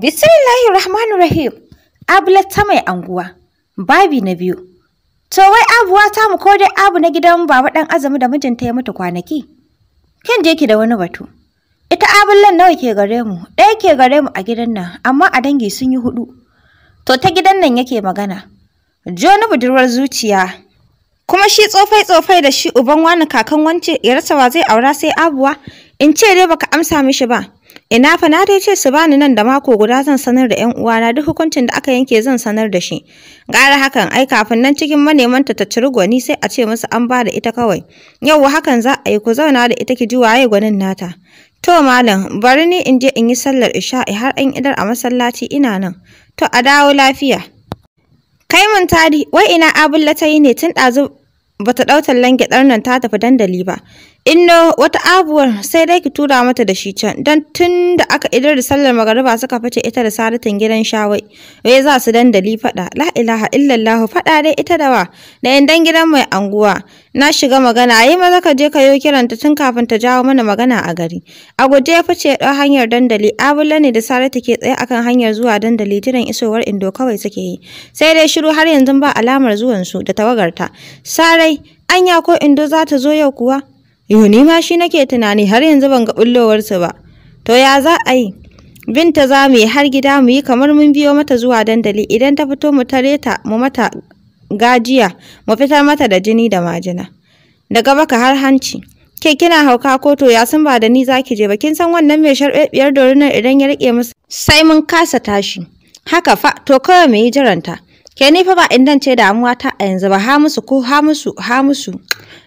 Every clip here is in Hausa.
Bismillahi Rahmanu Rahim, Abula ta mai anguwa, babi na biyu. To wai abuwa ta mu ko dai abu na gidan baba ɗan azumi da mijinta ya mutu kwanaki? Kin je ki da wani batu. Ita abullan nawa ke gare mu, ɗaya ke gare mu a gidan nan, amma a dangi sun yi huɗu. To ta gidan nan yake magana. Jo na budurwar zuciya, kuma shi tsofai-tsofai da shi uban wani kakan wance ya rasa wa zai aura sai abuwa, in ce dai baka amsa mishi ba. Ina fa na dai ce su bani nan da mako guda zan sanar da 'yan uwana duk hukuncin da aka yanke zan sanar da shi. Gara hakan ai kafin nan cikin maneman ta ciri gwani sai a ce musu an ba da ita kawai. Yau hakan za a yi ku zauna da ita ki ji waye gwanin nata. To malam bari ni in je in yi sallar isha'i har an idar a masallaci ina nan. To a dawo lafiya. Kai mun tadi wai ina abulla ne tun ɗazu bata ɗautar tallan gyaɗar nan ta tafi dandali ba. Inno wata abuwar sai dai ki tura mata da shi can don tun da aka idar da sallar magariba suka fice ita da saratin gidan shawai wai za su dandali faɗa la ilaha illallah faɗa dai ita da wa da dan gidan mai anguwa na shiga magana yi maza ka je ka yo kiranta tun kafin ta jawo mana magana a gari a guje ya fice ɗau hanyar dandali abula ne da saratu ke tsaye akan hanyar zuwa dandali jiran isowar indo kawai suke yi sai dai shiru har yanzu ba alamar zuwansu da tawagarta sarai anya ko indo za ta zo yau kuwa Yuni ma shi nake tunani har yanzu ban ga bullowarsu ba. To ya za a yi? Binta za mu yi har gida mu yi kamar mun biyo mata zuwa dandali idan ta fito mu tare ta mu mata gajiya mu fitar mata da jini da majina. Daga baka har hanci. Ke kina hauka ko to ya san ba da ni zaki je ba kin san wannan mai sharɓeɓiyar dorinar idan ya rike musu sai mun kasa tashi. Haka fa to kawai mu yi jiranta. Ke ni fa ba indan ce damuwa ta a yanzu ba ha musu ko ha musu ha musu.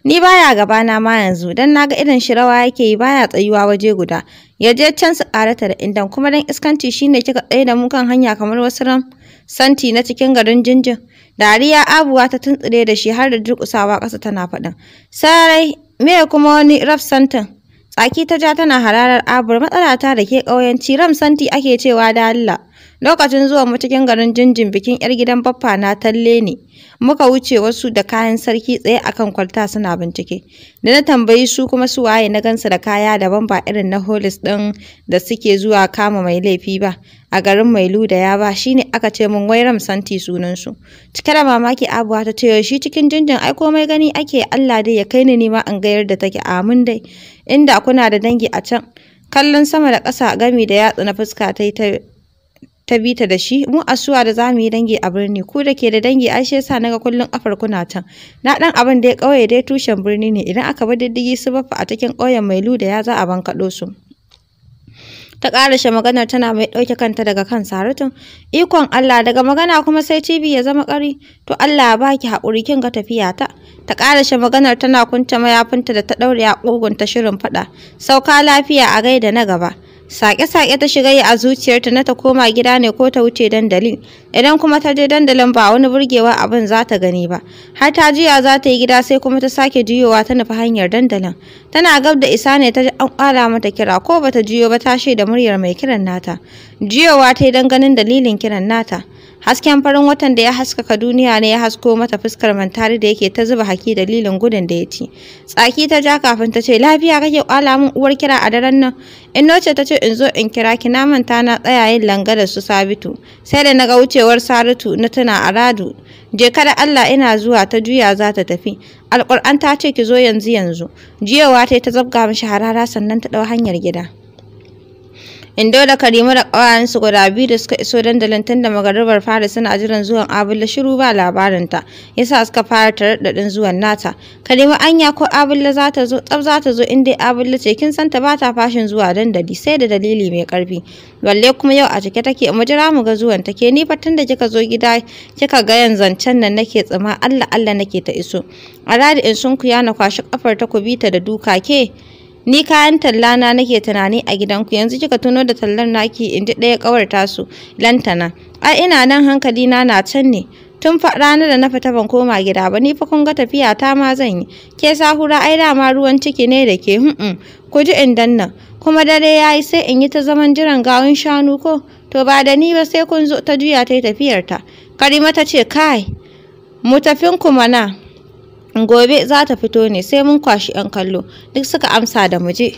Ni baya gabana ma yanzu dan naga irin shi rawa yake yi baya tsayuwa waje guda. Ya je can su karata da indan kuma dan iskanci shine kika tsaye da mu kan hanya kamar wasu ran santi na cikin garin jinjin. Dariya abuwa ta tuntsire da shi har da durkusawa kasa tana faɗin. Sarai me kuma wani raf santin? Tsaki ta ja tana hararar abur matsala ta da ke ƙauyenci ciram santi ake cewa da Allah. Lokacin zuwa mu cikin garin jinjin bikin 'yar gidan baffa na talle ne. Muka wuce wasu da kayan sarki tsaye akan kwalta suna bincike. Da na tambayi su kuma su waye na gansu da kaya daban ba irin na holis ɗin da suke zuwa kama mai laifi ba. a garin Mailuda ya ba shi ne aka ce mun wai Santi sunansu. Cike da mamaki abuwa ta ce shi cikin jinjin ai komai gani ake Allah dai ya kai ni nima an gayar da take amin dai inda kuna da dangi a can. Kallon sama da ƙasa gami da yatsu na fuska ta ta ta bi da shi mu asuwa da za mu yi dangi a birni ku da ke da dangi ai shi yasa naga kullun kafar kuna can na dan abin da ya kauye dai tushen birni ne idan aka bar diddigi su baffa a cikin kauyen mai da ya za a bankaɗo su ta ƙarashe maganar tana mai ɗauke kanta daga kan Saratun. Ikon Allah daga magana kuma sai cibi ya zama ƙari, to Allah ya baki haƙuri kin ga tafiya ta. Ta ƙarashe maganar tana kunta mayafinta da ta ɗaure a ƙugunta shirin faɗa, sauka lafiya a gaida na gaba. Sake-sake ta shiga a zuciyarta na ta koma gida ne ko ta wuce dandalin, idan kuma ta je dandalin ba wani burgewa abin za ta gani ba. Har ta jiya za ta yi gida sai kuma ta sake juyowa ta nufi hanyar dandalin. Tana gab da isa ne ta an kwala mata kira ko ba ta juyo ba ta da muryar mai kiran nata. Juyowa ta yi don ganin dalilin kiran nata. Hasken farin watan da ya haskaka duniya ne ya hasko mata fuskar mantari da yake ta zuba haki dalilin gudun da ya ci. Tsaki ta ja kafin ta ce lafiya kake kwala min uwar kira a daren nan. in noce ta ce in zo in kira ki na manta na tsaya yin langa da su Sabitu. Sai da na ga wucewar Saratu na tuna a Radu. Je kada Allah ina zuwa ta juya za ta tafi. Alƙur'an ta ce ki zo yanzu yanzu. Jiyawa ta ta zabga mishi harara sannan ta ɗau hanyar gida. Indo da Karimu da su guda biyu da suka iso dandalin tun da magaribar fara suna jiran zuwan abin shiru ba labarinta, yasa suka fara taraɗaɗin zuwan nata. Karimu anya ko la za ta zo, tsab za ta zo in dai la ce kin san ta bata fashin zuwa dandali sai da dalili mai karfi Balle kuma yau a cike take mu jira mu ga zuwan take ni fa tun da kika zo gida kika ga yanzu can nan nake tsima Allah Allah nake ta iso. A radi in sun kuya na kwashi kafar ta ku bi ta da duka ke. ni kayan talla na nake tunani a gidanku yanzu kika tuno da tallar naki in ji ɗaya ƙawar su lantana ai ina nan hankali na na can ne tun fa ranar da na fita ban koma gida ba ni fa kun ga tafiya ta ma zan yi ke sahura ai dama ruwan ciki ne da ke hun'un. ku ji in danna kuma dare yayi sai in yi ta zaman jiran gawun shanu ko to ba da ni ba sai kun zo ta juya ta yi tafiyarta karima ta ce kai mu tafin mana. gobe za ta fito ne sai mun kwashi 'yan kallo duk suka amsa da muje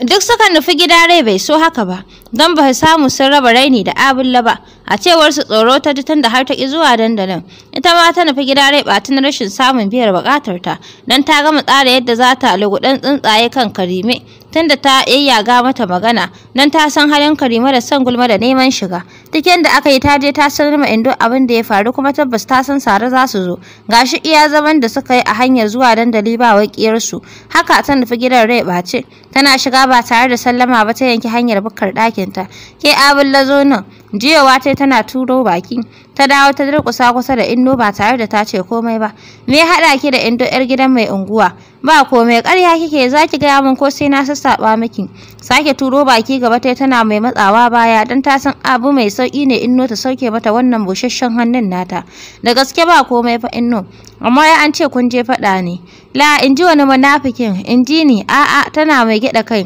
duk suka nufi gida rai bai so haka ba don ba samu sun raba raini da abulla ba a cewar su tsoro ta ji tunda har ta ki zuwa dandalin ita ma ta nufi gida rai batun rashin samun biyar bukatar ta don ta gama tsara yadda za ta lugudan tsuntsaye kan karime tunda ta yayyaga mata magana don ta san halin karime da san gulma da neman shiga duk da aka yi ta je ta sanar ma Indo abin da ya faru kuma tabbas ta san Sare za su zo gashi iya zaman da suka yi a hanyar zuwa dandali ba waƙiyar su haka ta nufi gidan rai ɓace tana shiga ba tare da sallama ba ta yanki hanyar bukkar ɗakinta ke abin lazo nan jiyawa ta tana turo baki ta dawo ta durƙusa kusa da indo ba tare da ta ce komai ba me ya haɗa ki da indo yar gidan mai unguwa ba komai ƙarya kike za ki gaya min ko sai na sassaɓa miki sake turo baki gaba ta tana mai matsawa baya don ta san abu mai sauƙi ne inno ta sauke mata wannan busasshen hannun nata da gaske ba komai fa inno amma ya an ce kun je faɗa ne la in ji wani munafikin in ji ni a'a tana mai gyaɗa kai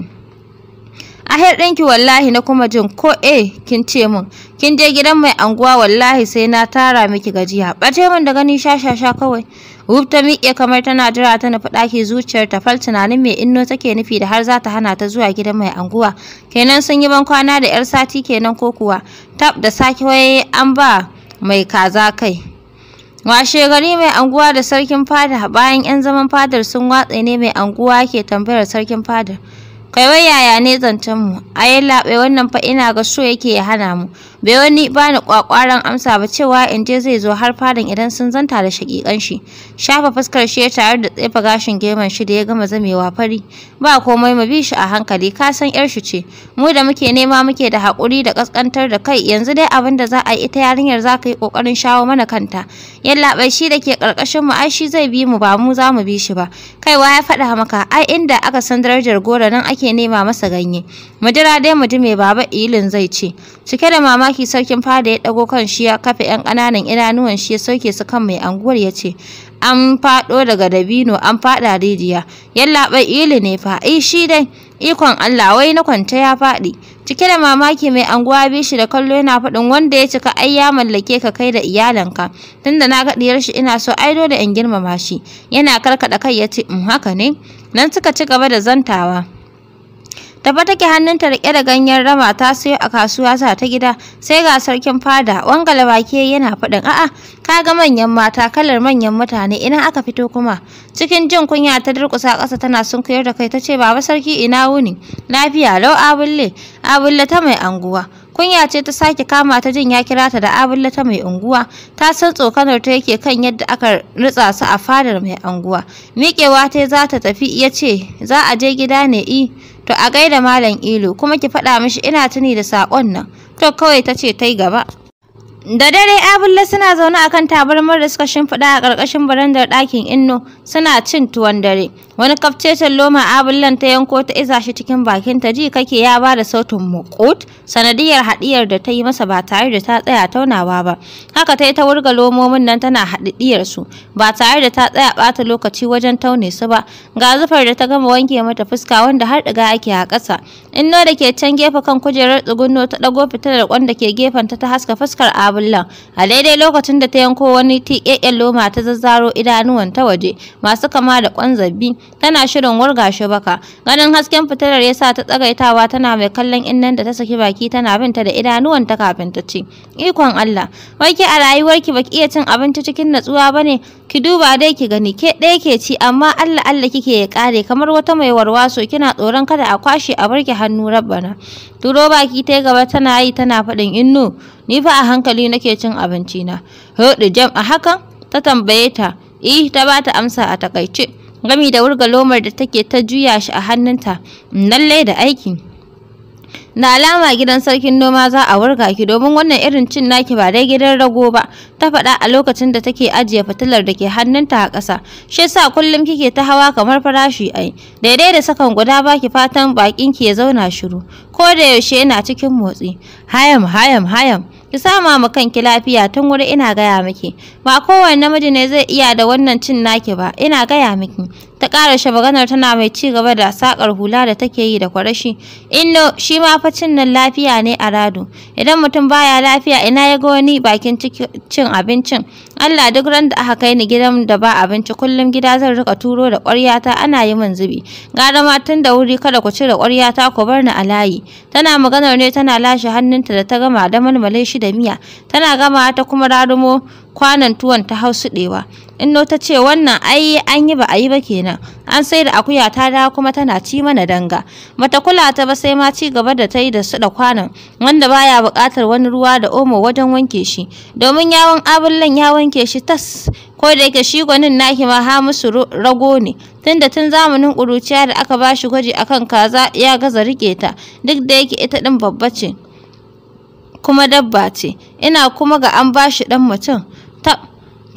A her ɗinki wallahi na kuma jin ko e kin ce min kin je gidan mai anguwa wallahi sai na tara miki gajiya ɓace min da gani sha sha sha kawai Ruf miƙe kamar tana jira ta nufi ɗaki zuciyar ta fal tunanin mai inno take nufi da har za ta hana ta zuwa gidan mai anguwa kenan sun yi ban kwana da 'yar sati kenan ko kuwa tab da sake waye an ba mai kaza kai Washe gari mai anguwa da sarkin fada bayan 'yan zaman fadar sun watse ne mai anguwa ke tambayar sarkin fadar. Kai wai yaya ne zancen mu? A yi laɓe wannan fa ina ga so yake ya hana mu. bai wani bani kwakwaran amsa ba cewa in je zai zo har fadin idan sun zanta da shakikan shi shafa fuskar shi ya tare da tsefa gashin geman shi da ya gama zamewa fari ba komai mu bi shi a hankali ka san yar shi ce mu da muke nema muke da hakuri da kaskantar da kai yanzu dai abin da za a yi ita yarinyar za ka yi kokarin shawo mana kanta yallaɓai shi da ke karkashin mu ai shi zai bi mu ba mu za mu bi shi ba Kai wa ya faɗa maka ai inda aka san darajar gora nan ake nema masa ganye mu jira dai mu ji me baba ilin zai ce cike da mama mamaki sarkin fada ya dago kan shi ya kafa 'yan kananan idanuwan shi ya sauke su kan mai anguwar ya ce an faɗo daga dabino an faɗa rijiya yallaɓai ili ne fa ai eh, shi dai ikon Allah wai na kwanta ya faɗi cike da mamaki mai anguwa bi shi da kallo yana faɗin wanda ya cika ai ya mallake ka kai da iyalanka tunda na ga diyar shi ina so ai dole in girmama shi yana karkada kai ya ce in mm, haka ne nan suka ci gaba da zantawa Tafa take hannunta rike da ganyen rama ta sayo a kasuwa sa ta gida sai ga sarkin fada wangala baki yana faɗin a'a ka ga manyan mata kalar manyan mutane ina aka fito kuma cikin jin kunya ta durƙusa ƙasa tana sunkuyar da kai tace baba sarki ina wuni lafiya lau abulle abulle ta mai anguwa kunya ce ta sake kama ta jin ya kira ta da abulle ta mai unguwa ta san tsokanar ta yake kan yadda aka nutsa su a fadar mai unguwa miƙewa ta za ta tafi ya ce za a je gida ne i To a gaida Malam Ilo kuma ki faɗa mishi ina tuni da saƙon nan. To kawai ta ce ta yi gaba. Da dare abulla suna zaune akan tabarmar da suka shimfiɗa a ƙarƙashin barandar ɗakin Inno suna cin tuwon dare. Wani kafcecen loma abullan ta yanko ta iza shi cikin bakinta ji kake ya ba da sautin mukut sanadiyar haɗiyar da ta yi masa ba tare da ta tsaya taunawa ba. Haka ta yi ta wurga lomomin nan tana haɗiɗiyar su ba tare da ta tsaya ɓata lokaci wajen taune su ba. Ga zufar da ta gama wanke mata fuska wanda har daga ake a ƙasa. Inno da ke can gefe kan kujerar tsugunno ta ɗago fitilar da ke gefen ta ta haska fuskar abullan. A daidai lokacin da ta yanko wani tiƙeƙen loma ta zazzaro idanuwan ta waje masu kama da kwan zabi. tana shirin wurga shi baka ganin hasken fitilar ya sa ta tsagaitawa tana mai kallon innan da ta saki baki tana bin ta da idanuwan ta kafin ta ce ikon Allah wai ke a rayuwarki baki iya cin abinci cikin natsuwa bane ki duba dai ki gani ke ɗaya ke ci amma Allah Allah kike ya kare kamar wata mai warwaso kina tsoron kada a kwashe a barki hannu rabbana turo baki ta gaba tana yi tana faɗin innu ni fa a hankali nake cin abinci na hudu jam a hakan ta tambaye ta eh ta bata amsa a takaice gami da wurga lomar da take ta juya shi a hannunta lallai da aiki na alama gidan sarkin noma za a wurga ki domin wannan irin cin naki ba dai gidan rago ba ta faɗa a lokacin da take ajiye fitilar da ke hannunta a ƙasa shi yasa kullum kike ta hawa kamar farashi ai daidai da sakan guda ba ki fatan bakin ki ya zauna shiru ko da yaushe yana cikin motsi hayam hayam hayam ki sama ma kanki lafiya tun wuri ina gaya miki ba kowane namiji ne zai iya da wannan cin naki ba ina gaya miki ta ƙarashe maganar tana mai ci gaba da sakar hula da take yi da kwarashi inno shi ma fa cin nan lafiya ne a rado idan mutum baya lafiya ina ya ga wani bakin cin abincin Allah duk ran da aka kai ni gidan da ba abinci kullum gida zan rika turo da ta? ana yi min zubi gara ma tun da wuri kada ku cire ta, ku bar ni a layi tana maganar ne tana lashe hannunta da ta gama da malmale shi da miya tana gama ta kuma rarumo. kwanan tuwon ta hau suɗewa. Inno ta ce wannan ai an yi ba a yi ba kenan. An sai da akuya ta dawo kuma tana ci mana danga. Mata kula ta ba sai ma ci gaba da ta yi da suɗa kwanan wanda baya buƙatar wani ruwa da omo wajen wanke shi. Domin yawon abullan ya wanke shi tas ko da yake shi gwanin naki ma ha musu rago ne tunda tun zamanin ƙuruciya da aka ba shi gwaji akan kaza ya gaza rike ta duk da yake ita ɗin babba ce kuma dabba ce ina kuma ga an ba shi ɗan mutum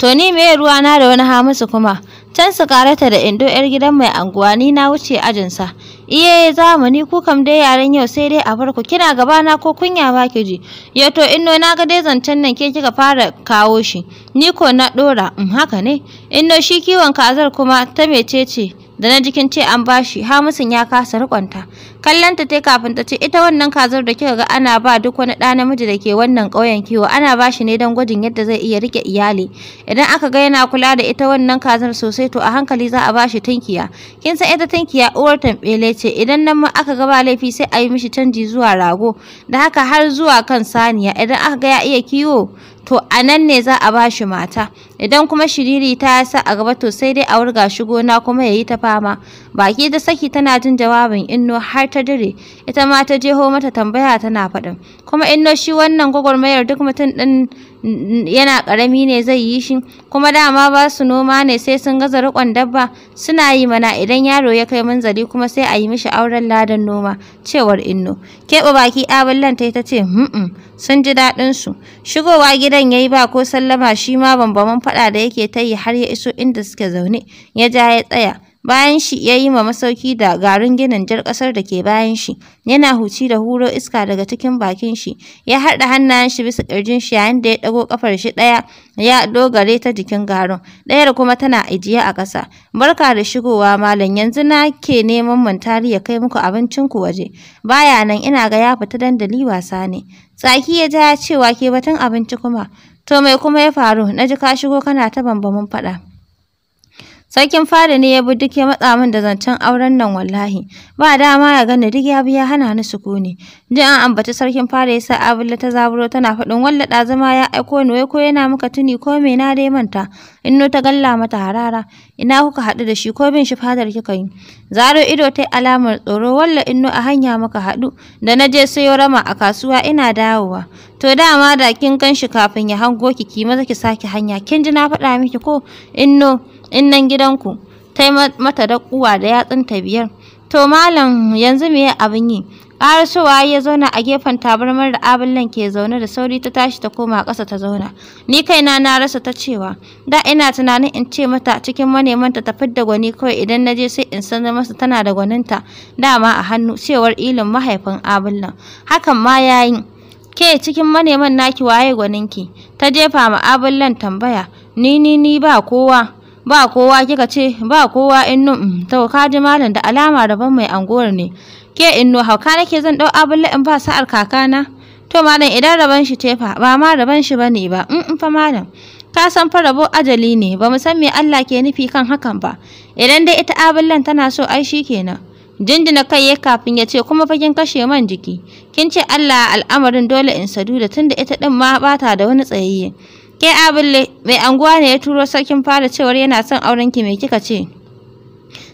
To ni me ruwa na da wani Hamisu kuma? Can su karata da indo yar gidan mai anguwa ni na wuce ajinsa. Iye zamani ku kam dai yaren yau sai dai a farko kina gaba na ko kunya ba ki ji. Ya to inno na ga dai zancen nan ke kika fara kawo shi. Ni ko na dora in haka ne. Inno shi kiwon kazar kuma ta mecece da na jikin ce an bashi musun ya kasa rikonta kallanta ta kafin ta ce ita wannan kazar da kika ga ana ba duk wani ɗa namiji da ke wannan ƙauyen kiwo ana bashi ne don gwajin yadda zai iya rike iyali idan aka ga yana kula da ita wannan kazar sosai to a hankali za a bashi tunkiya kin san ita tunkiya uwar tambele ce idan nan ma aka ga ba laifi sai a yi mishi canji zuwa rago da haka har zuwa kan saniya idan aka ga ya iya kiwo to a nan ne za a bashi mata idan kuma shiriri ta sa a gaba to sai dai a wurga shigo na kuma yayi ta fama baki da saki tana jin jawabin inno har ta dire ita ma ta jeho mata tambaya tana faɗin kuma inno shi wannan gwagwarmayar duk mutum ɗin yana karami ne zai yi shi kuma dama ba su noma ne sai sun gaza riƙon dabba suna yi mana idan yaro ya kai munzali kuma sai a yi mishi auren ladan noma cewar inno keɓe baki Abin ta ta ce sun ji daɗin su shigowa gidan yayi ba ko sallama shi ma bambaman faɗa da yake ta yi har ya iso inda suke zaune, ya ja ya tsaya. Bayan shi ya yi ma masauki da garin ginin jar ƙasar da ke bayan shi, yana huci da huro iska daga cikin bakin shi, ya haɗa hannayen shi bisa ƙirjin shi yayin da ya ɗago ƙafar shi ɗaya ya dogare ta jikin garin, ɗayar kuma tana ajiye a ƙasa. Barka da shigowa malam yanzu na ke neman mantari ya kai muku abincinku waje, baya nan ina ga ya fita dandali wasa ne. Tsaki ya ja ya cewa ke batun abinci kuma. To mai kuma ya faru na ji ka shigo kana ta bambamin faɗa. Sarkin fada ne ya bi duk ya matsa min da zancen auren nan wallahi. Ba dama ya gani duk ya bi ya hana ni sukuni. ji an ambaci sarkin fada ya sa Abula ta zaburo tana faɗin walla zama ya aiko ni wai ko yana muka tuni ko me na dai manta. Inno ta galla mata harara. Ina kuka haɗu da shi ko bin shi fadar kika yi. Zaro ido ta alamar tsoro walla inno a hanya muka haɗu. Da na je sayo rama a kasuwa ina dawowa. To dama da kin gan shi kafin ya hango ki ki maza ki sake hanya. Kin ji na faɗa miki ko inno. in nan gidanku ta yi mata daƙuwa da yatsunta biyar to malam yanzu me abin yi ƙarasowa ya zauna a gefen tabarmar da nan ke zaune da sauri ta tashi ta koma ƙasa ta zauna ni kaina na rasa ta cewa da ina tunanin in ce mata cikin manemanta ta fidda gwani kawai idan na je sai in san masa tana da gwaninta dama a hannu cewar ilin mahaifin nan. hakan ma ya yi ke cikin maneman naki waye gwaninki ta jefa ma nan tambaya ni ni ni ba kowa ba kowa kika ce ba kowa innu mm, to ka ji malam da alama rabon mai anguwar ne ke innu hauka nake zan dau abulla in ba sa'ar kakana to malam idan rabon shi tefa ba ma rabon shi bane ba in in mm, mm, fa malam ka san fa rabo ajali ne ba mu san me Allah ke nufi kan hakan ba idan dai ita abullan tana so ai kenan jinjina kai ya kafin ya ce kuma fakin kashe man jiki kin ce Allah al'amarin dole in sadu da tunda ita din ma bata da wani tsayayye Ke abulle, mai anguwa ne ya turo sarkin fara cewar yana son aurenki mai kika ce?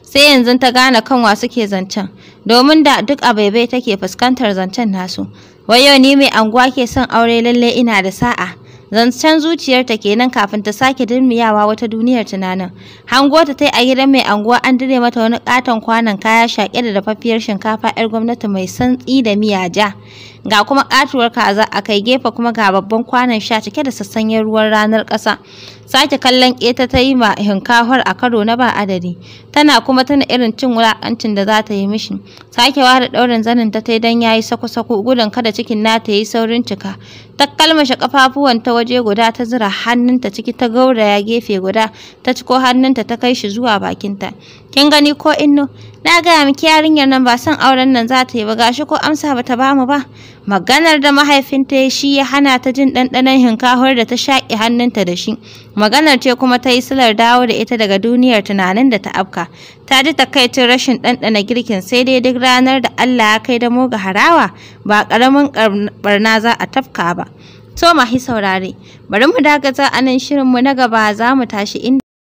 Sai yanzu ta gane kanwa suke zancen, domin da duk a baibai take fuskantar zancen nasu. wayo yau ni mai anguwa ke son aure lalle ina da sa'a. zancen zuciyarta kenan kafin ta sake dirmiyawa wata duniyar tunanin hango ta tai a gidan mai anguwa an dire mata wani katon kwanan kaya shaƙe da dafaffiyar shinkafa 'yar gwamnati mai santsi da miya ja ga kuma katuwar kaza a kai gefe kuma ga babban kwanan sha cike da sassanyen ruwan ranar ƙasa sake kallon keta ta yi ma hinkafar a karo na ba adadi tana kuma tana irin cin wulakancin da za ta yi mishi sake ware ɗaurin zanin ta tai don yayi saku sako-sako gudun kada cikin nata ya yi saurin cika ta kalmashe kafafuwan ta waje guda ta zira hannunta ciki ta gauraya gefe guda ta ciko hannunta ta kai shi zuwa bakinta kin gani ko inno na gaya miki yarinyar nan ba san auren nan za ta yi ba gashi ko amsa bata bamu ba maganar da mahaifinta ya shi ya hana ta jin ɗanɗanon hinkahar da ta shaƙi hannunta da shi maganar ce kuma ta yi silar dawo da ita daga duniyar tunanin da ta afka ta ji takaicin rashin ɗanɗana girkin sai dai duk ranar da allah ya kai da ga harawa ba ƙaramin barna za a tafka ba to mahi saurare bari mu dakata a nan shirinmu na gaba za mu tashi inda